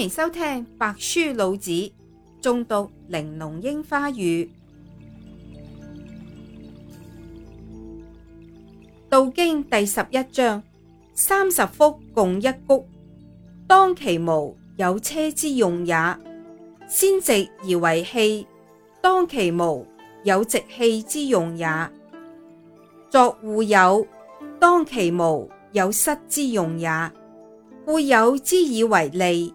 歡迎收聽《帛書老子》，誦讀《玲瓏櫻花雨》道經第十一章：三十輻共一轂，當其無，有車之用也；埏埴而為器，當其無，有埴器之用也；鑿戶牖，當其無，有室之用也。故有之以為利。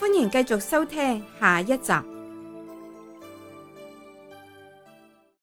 歡迎繼續收聽下一集。